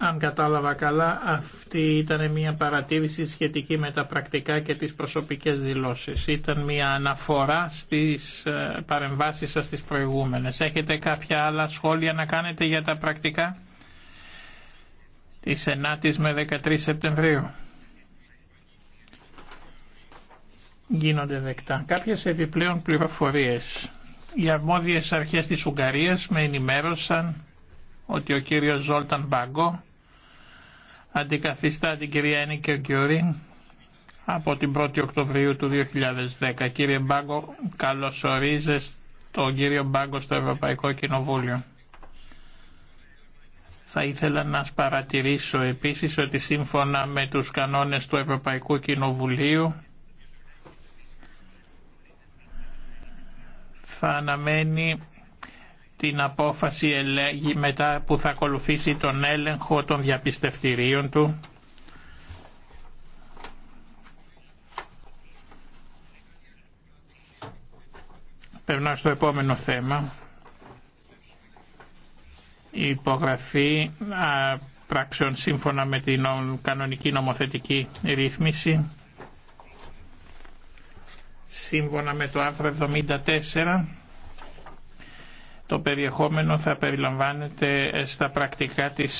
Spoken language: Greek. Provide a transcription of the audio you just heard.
Αν κατάλαβα καλά, αυτή ήταν μια παρατήρηση σχετική με τα πρακτικά και τις προσωπικές δηλώσεις. Ήταν μια αναφορά στις ε, παρεμβάσεις σας τις προηγούμενες. Έχετε κάποια άλλα σχόλια να κάνετε για τα πρακτικά της 9 με 13 Σεπτεμβρίου. Γίνονται δεκτά. Κάποιες επιπλέον πληροφορίες. Οι αρμόδιες αρχές της Ουγγαρίας με ενημέρωσαν ότι ο κύριος Ζόλταν Μπαγκό Αντικαθιστά την κυρία Ένικε Κιωρή από την 1η Οκτωβρίου του 2010. Κύριε Μπάγκο, καλωσορίζες τον κύριο Μπάγκο στο Ευρωπαϊκό Κοινοβούλιο. Θα ήθελα να σας παρατηρήσω επίσης ότι σύμφωνα με τους κανόνες του Ευρωπαϊκού Κοινοβουλίου θα αναμένει την απόφαση ελέγει μετά που θα ακολουθήσει τον έλεγχο των διαπιστευτηρίων του. Περνάω στο επόμενο θέμα. Η υπογραφή πράξεων σύμφωνα με την κανονική νομοθετική ρύθμιση σύμφωνα με το άρθρο 74 το περιεχόμενο θα περιλαμβάνεται στα πρακτικά της